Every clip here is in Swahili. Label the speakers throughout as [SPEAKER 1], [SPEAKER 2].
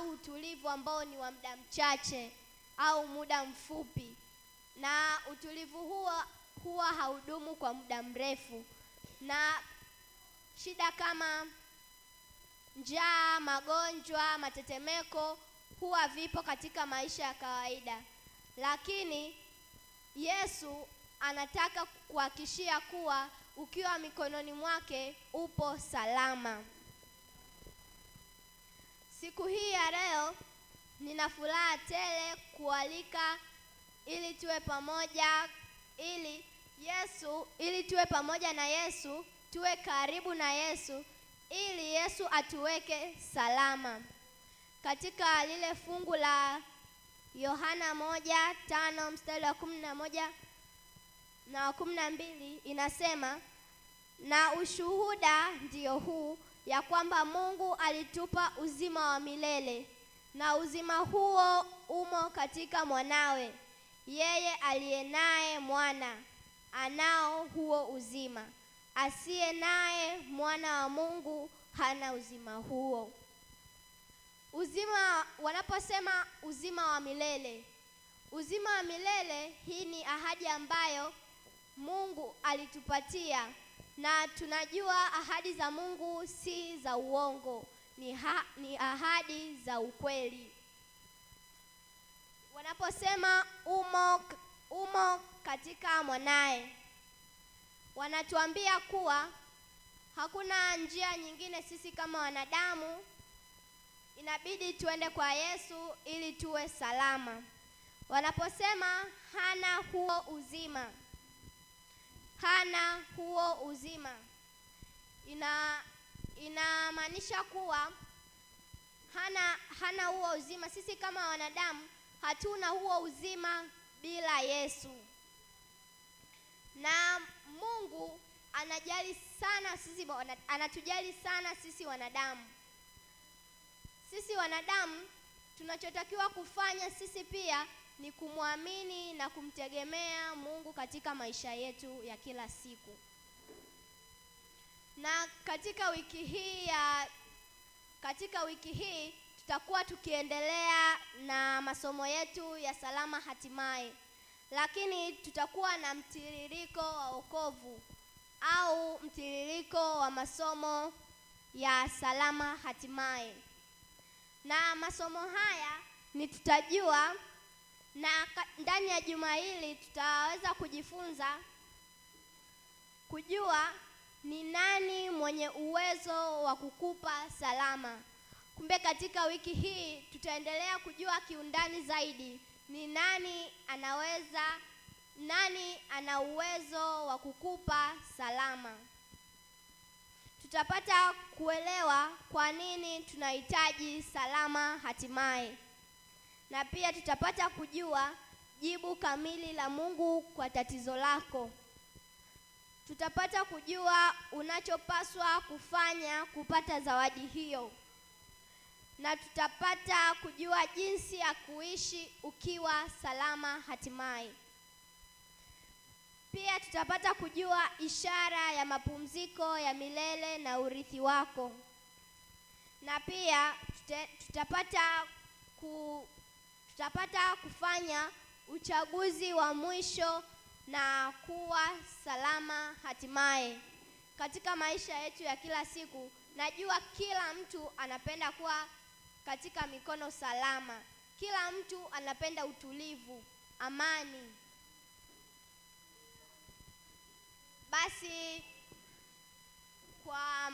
[SPEAKER 1] au utulivu ambao ni wa muda mchache au muda mfupi, na utulivu huo huwa haudumu kwa muda mrefu, na shida kama njaa, magonjwa, matetemeko huwa vipo katika maisha ya kawaida, lakini Yesu anataka kuhakishia kuwa ukiwa mikononi mwake upo salama. Siku hii ya leo nina furaha tele kualika ili tuwe pamoja ili Yesu ili tuwe pamoja na Yesu, tuwe karibu na Yesu ili Yesu atuweke salama. Katika lile fungu la Yohana moja tano mstari wa kumi na moja na wa kumi na mbili inasema, na ushuhuda ndiyo huu ya kwamba Mungu alitupa uzima wa milele na uzima huo umo katika mwanawe. Yeye aliye naye mwana anao huo uzima, asiye naye mwana wa Mungu hana uzima huo. Uzima, wanaposema uzima wa milele, uzima wa milele, hii ni ahadi ambayo Mungu alitupatia na tunajua ahadi za Mungu si za uongo, ni, ha, ni ahadi za ukweli. Wanaposema umo, umo katika mwanaye, wanatuambia kuwa hakuna njia nyingine. Sisi kama wanadamu inabidi tuende kwa Yesu ili tuwe salama. Wanaposema hana huo uzima hana huo uzima. Ina inamaanisha kuwa hana hana huo uzima. Sisi kama wanadamu hatuna huo uzima bila Yesu, na Mungu anajali sana sisi, anatujali sana sisi wanadamu. Sisi wanadamu tunachotakiwa kufanya sisi pia ni kumwamini na kumtegemea Mungu katika maisha yetu ya kila siku. Na katika wiki hii ya katika wiki hii tutakuwa tukiendelea na masomo yetu ya salama hatimaye, lakini tutakuwa na mtiririko wa wokovu au mtiririko wa masomo ya salama hatimaye, na masomo haya ni tutajua na ndani ya juma hili tutaweza kujifunza kujua ni nani mwenye uwezo wa kukupa salama. Kumbe katika wiki hii tutaendelea kujua kiundani zaidi ni nani anaweza, nani ana uwezo wa kukupa salama. Tutapata kuelewa kwa nini tunahitaji salama hatimaye na pia tutapata kujua jibu kamili la Mungu kwa tatizo lako. Tutapata kujua unachopaswa kufanya kupata zawadi hiyo, na tutapata kujua jinsi ya kuishi ukiwa salama hatimaye. Pia tutapata kujua ishara ya mapumziko ya milele na urithi wako, na pia tutapata ku tutapata kufanya uchaguzi wa mwisho na kuwa salama hatimaye katika maisha yetu ya kila siku. Najua kila mtu anapenda kuwa katika mikono salama, kila mtu anapenda utulivu, amani. Basi kwa,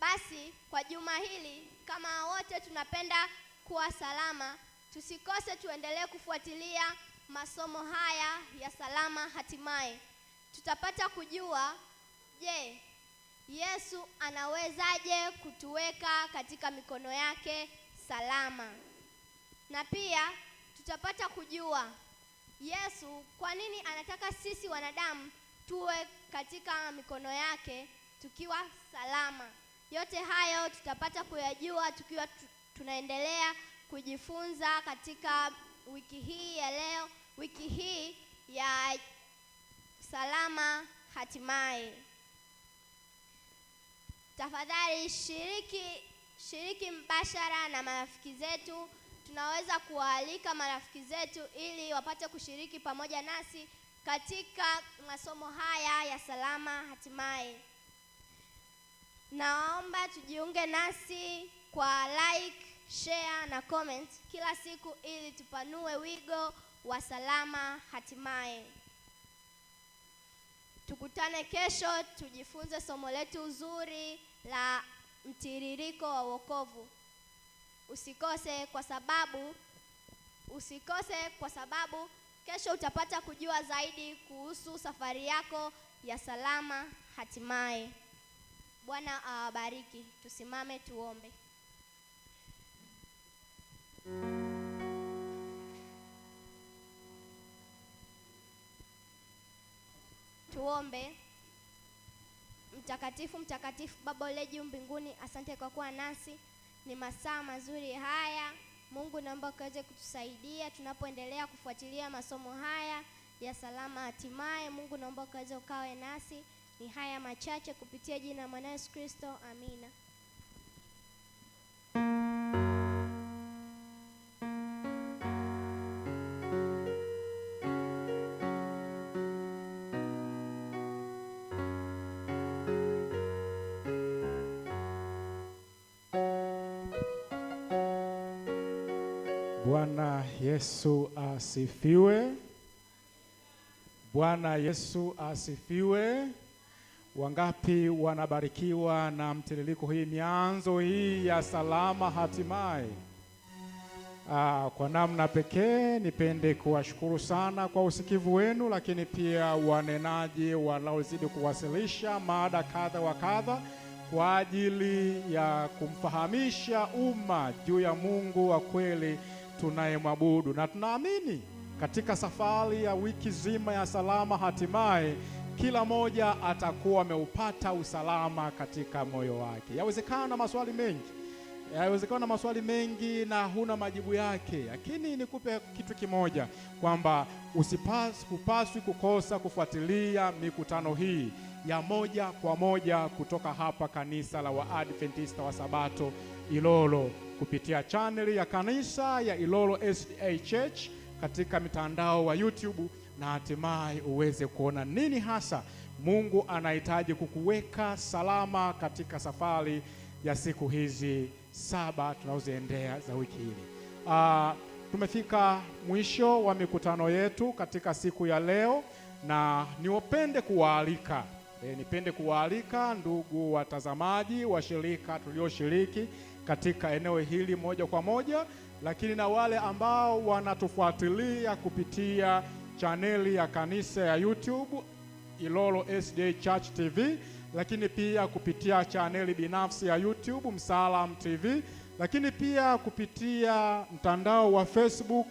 [SPEAKER 1] basi kwa juma hili kama wote tunapenda kuwa salama Tusikose, tuendelee kufuatilia masomo haya ya Salama Hatimaye. Tutapata kujua, je, Yesu anawezaje kutuweka katika mikono yake salama? Na pia tutapata kujua Yesu kwa nini anataka sisi wanadamu tuwe katika mikono yake tukiwa salama. Yote hayo tutapata kuyajua tukiwa tunaendelea kujifunza katika wiki hii ya leo, wiki hii ya salama hatimaye. Tafadhali shiriki, shiriki mbashara na marafiki zetu. Tunaweza kuwaalika marafiki zetu ili wapate kushiriki pamoja nasi katika masomo haya ya salama hatimaye. Naomba tujiunge nasi kwa like share na comment kila siku ili tupanue wigo wa salama hatimaye. Tukutane kesho tujifunze somo letu uzuri la mtiririko wa wokovu. Usikose kwa sababu usikose kwa sababu kesho utapata kujua zaidi kuhusu safari yako ya salama hatimaye. Bwana awabariki. Tusimame tuombe. Tuombe. Mtakatifu, mtakatifu Baba uliye juu mbinguni, asante kwa kuwa nasi. Ni masaa mazuri haya Mungu, naomba ukaweze kutusaidia tunapoendelea kufuatilia masomo haya ya salama hatimaye. Mungu, naomba ukaweze ukawe nasi. Ni haya machache kupitia jina la Mwana Yesu Kristo, amina.
[SPEAKER 2] Yesu asifiwe. Bwana Yesu asifiwe. Wangapi wanabarikiwa na mtiririko hii mianzo hii ya salama hatimaye? Ah, kwa namna pekee nipende kuwashukuru sana kwa usikivu wenu, lakini pia wanenaji wanaozidi kuwasilisha mada kadha wa kadha kwa ajili ya kumfahamisha umma juu ya Mungu wa kweli tunayemwabudu, na tunaamini katika safari ya wiki zima ya salama, hatimaye kila mmoja atakuwa ameupata usalama katika moyo wake. Yawezekana na maswali mengi, yawezekana na maswali mengi na huna majibu yake, lakini nikupe kitu kimoja kwamba usipaswi kukosa kufuatilia mikutano hii ya moja kwa moja kutoka hapa kanisa la Waadventista wa Sabato Ilolo kupitia chaneli ya kanisa ya Ilolo SDA Church katika mitandao wa YouTube na hatimaye uweze kuona nini hasa Mungu anahitaji kukuweka salama katika safari ya siku hizi saba tunazoendea za wiki hili. Uh, ah, tumefika mwisho wa mikutano yetu katika siku ya leo, na niwapende kuwaalika e, nipende kuwaalika ndugu watazamaji wa shirika tulioshiriki katika eneo hili moja kwa moja, lakini na wale ambao wanatufuatilia kupitia chaneli ya kanisa ya YouTube Ilolo SDA Church TV, lakini pia kupitia chaneli binafsi ya YouTube msalam TV, lakini pia kupitia mtandao wa Facebook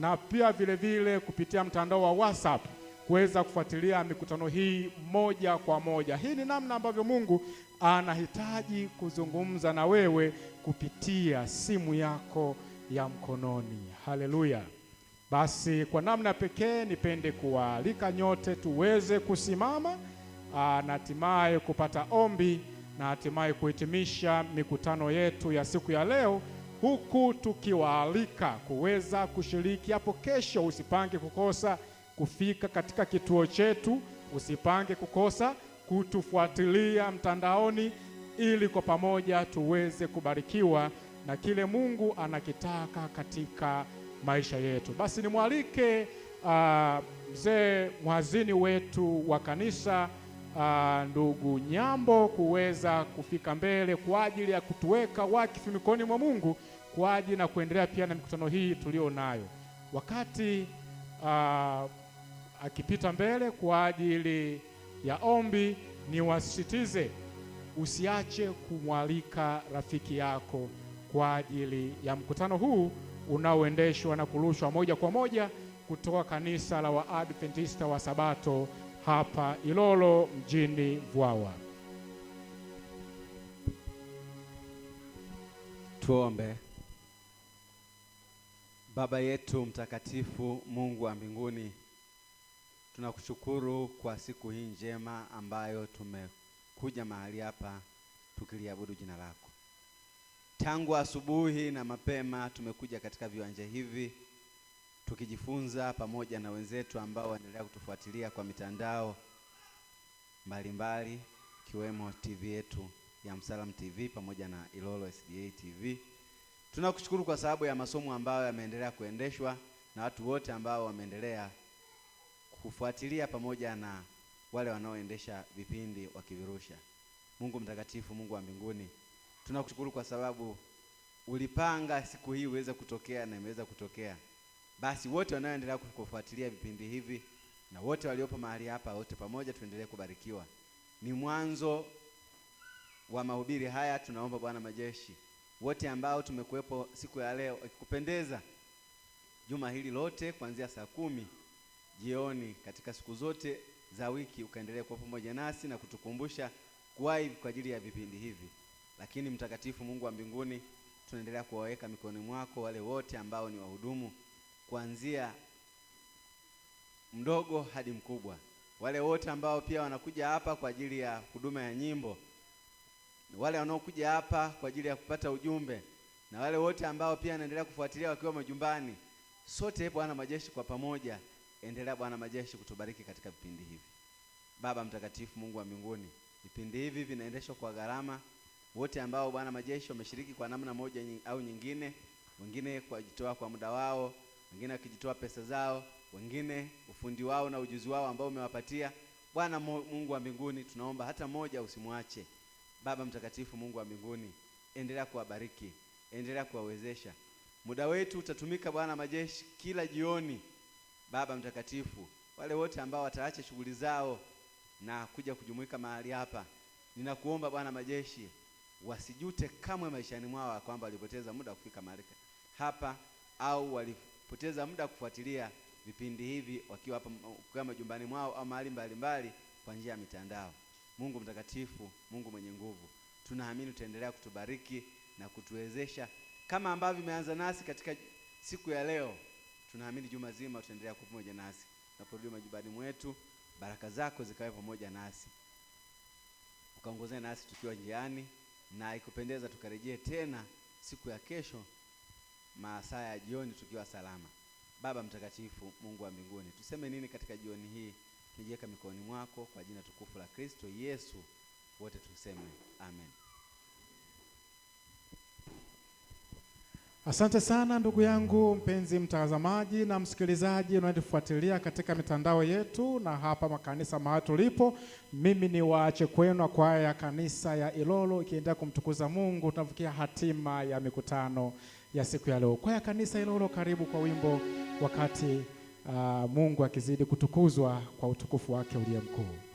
[SPEAKER 2] na pia vilevile vile kupitia mtandao wa WhatsApp kuweza kufuatilia mikutano hii moja kwa moja. Hii ni namna ambavyo Mungu anahitaji kuzungumza na wewe kupitia simu yako ya mkononi. Haleluya! Basi kwa namna pekee nipende kuwaalika nyote tuweze kusimama na hatimaye kupata ombi na hatimaye kuhitimisha mikutano yetu ya siku ya leo, huku tukiwaalika kuweza kushiriki hapo kesho. Usipange kukosa kufika katika kituo chetu. Usipange kukosa kutufuatilia mtandaoni, ili kwa pamoja tuweze kubarikiwa na kile Mungu anakitaka katika maisha yetu. Basi nimwalike uh, mzee mwazini wetu wa kanisa uh, ndugu Nyambo kuweza kufika mbele kwa ajili ya kutuweka wakifu mikononi mwa Mungu kwa ajili na kuendelea pia na mikutano hii tulio nayo wakati uh, akipita mbele kwa ajili ya ombi, niwasisitize usiache kumwalika rafiki yako kwa ajili ya mkutano huu unaoendeshwa na kurushwa moja kwa moja kutoka kanisa la Waadventista wa Sabato hapa Ilolo mjini Vwawa.
[SPEAKER 3] Tuombe. Baba yetu mtakatifu, Mungu wa mbinguni Tunakushukuru kwa siku hii njema ambayo tumekuja mahali hapa tukiliabudu jina lako. Tangu asubuhi na mapema tumekuja katika viwanja hivi tukijifunza pamoja na wenzetu ambao waendelea kutufuatilia kwa mitandao mbalimbali ikiwemo TV yetu ya msalam TV pamoja na Ilolo SDA TV. Tunakushukuru kwa sababu ya masomo ambayo yameendelea kuendeshwa na watu wote ambao wameendelea kufuatilia pamoja na wale wanaoendesha vipindi wakivirusha. Mungu mtakatifu, Mungu wa mbinguni, tunakushukuru kwa sababu ulipanga siku hii uweze kutokea na imeweza kutokea. Basi wote wanaoendelea kufuatilia vipindi hivi na wote waliopo mahali hapa, wote pamoja tuendelee kubarikiwa. Ni mwanzo wa mahubiri haya, tunaomba Bwana majeshi, wote ambao tumekuwepo siku ya leo, ikikupendeza juma hili lote kuanzia saa kumi jioni katika siku zote za wiki ukaendelea kuwa pamoja nasi na kutukumbusha kuwahi kwa ajili ya vipindi hivi. Lakini mtakatifu Mungu wa mbinguni, tunaendelea kuwaweka mikononi mwako wale wote ambao ni wahudumu kuanzia mdogo hadi mkubwa, wale wote ambao pia wanakuja hapa kwa ajili ya huduma ya nyimbo, wale wanaokuja hapa kwa ajili ya kupata ujumbe, na wale wote ambao pia wanaendelea kufuatilia wakiwa majumbani. Sote Bwana majeshi, kwa pamoja endelea Bwana majeshi kutubariki katika vipindi hivi. Baba mtakatifu, Mungu wa mbinguni, vipindi hivi vinaendeshwa kwa gharama. Wote ambao Bwana majeshi wameshiriki kwa namna moja au nyingine, wengine kwa jitoa kwa muda wao, wengine wakijitoa pesa zao, wengine ufundi wao na ujuzi wao ambao umewapatia Bwana Mungu wa mbinguni, tunaomba hata moja usimwache. Baba mtakatifu, Mungu wa mbinguni, endelea kuwabariki, endelea kuwawezesha. Muda wetu utatumika Bwana majeshi kila jioni Baba Mtakatifu, wale wote ambao wataacha shughuli zao na kuja kujumuika mahali hapa, ninakuomba Bwana majeshi, wasijute kamwe maishani mwao kwamba walipoteza muda wa kufika mahali hapa au walipoteza muda kufuatilia vipindi hivi wakiwa hapa kwa majumbani mwao au mahali mbalimbali kwa njia ya mitandao. Mungu mtakatifu, Mungu mwenye nguvu, tunaamini utaendelea kutubariki na kutuwezesha kama ambavyo imeanza nasi katika siku ya leo. Tunaamini juma zima tutaendelea kuwa pamoja nasi tunaporudi majumbani mwetu, baraka zako zikawe pamoja nasi, ukaongozane nasi tukiwa njiani, na ikupendeza tukarejee tena siku ya kesho masaa ya jioni tukiwa salama. Baba Mtakatifu, Mungu wa mbinguni, tuseme nini katika jioni hii? Nijiweka mikononi mwako kwa jina tukufu la Kristo Yesu, wote tuseme amen.
[SPEAKER 2] Asante sana ndugu yangu mpenzi mtazamaji na msikilizaji unayetufuatilia katika mitandao yetu na hapa makanisa mahali tulipo. Mimi ni waache kwenu kwaya ya kanisa ya Ilolo ikiendelea kumtukuza Mungu. Tunafikia hatima ya mikutano ya siku ya leo. Kwaya ya kanisa Ilolo, karibu kwa wimbo wakati uh, Mungu akizidi kutukuzwa kwa utukufu wake uliye mkuu.